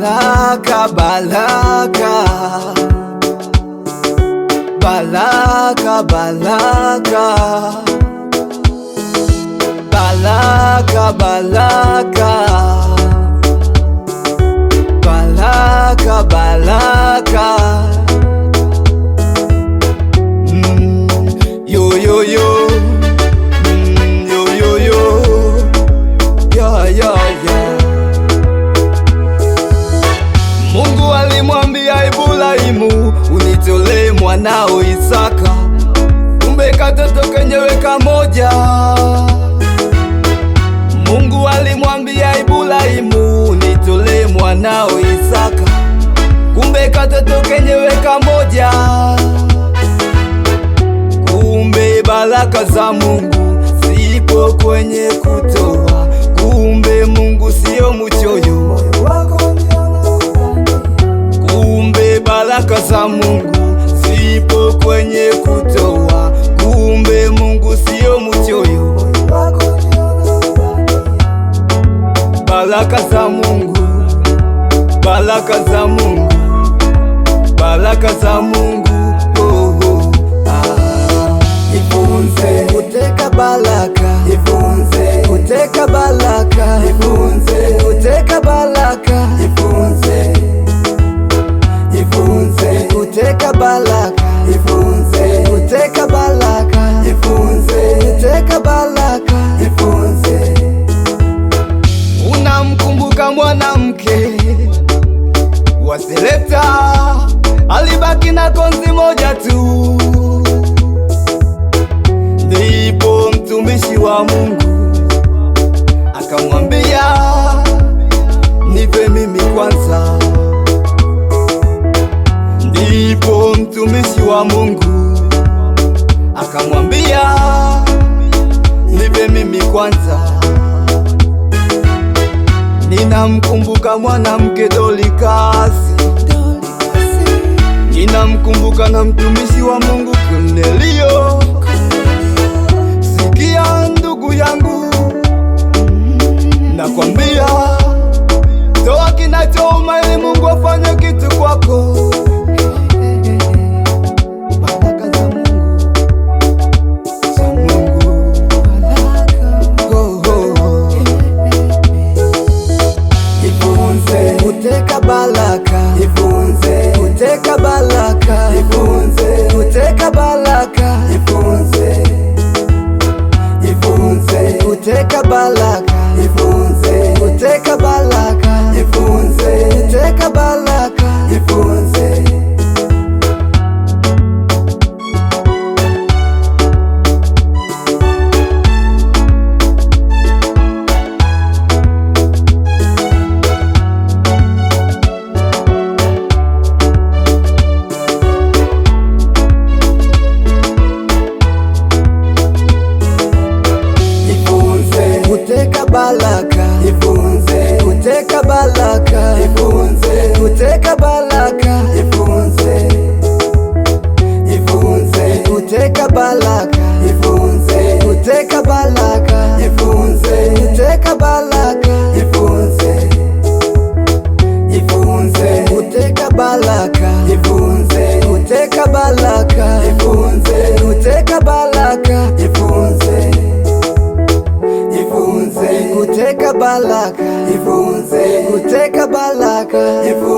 Baraka, baraka, baraka, baraka, baraka, baraka nao Isaka, kumbe katoto kenyewe kamoja. Mungu alimwambia Ibrahimu, nitolee mwanao Isaka, kumbe katoto kenyewe kamoja. Kumbe baraka za Mungu zipo kwenye kutoa, kumbe Mungu siyo mchoyo. Kumbe baraka za Mungu nipo kwenye kutoa, kumbe Mungu sio mchoyo. Baraka za Mungu, baraka za Mungu, baraka za Mungu, oh, oh. Ah, ifunze uteka baraka, ifunze uteka baraka, ifunze uteka baraka konzi moja tu, ndipo mtumishi wa Mungu akamwambia nipe mimi kwanza. Ndipo mtumishi wa Mungu akamwambia nipe mimi kwanza. Ninamkumbuka mwanamke Dorcas ninamkumbuka na mtumishi wa Mungu Kornelio wala cabal girl.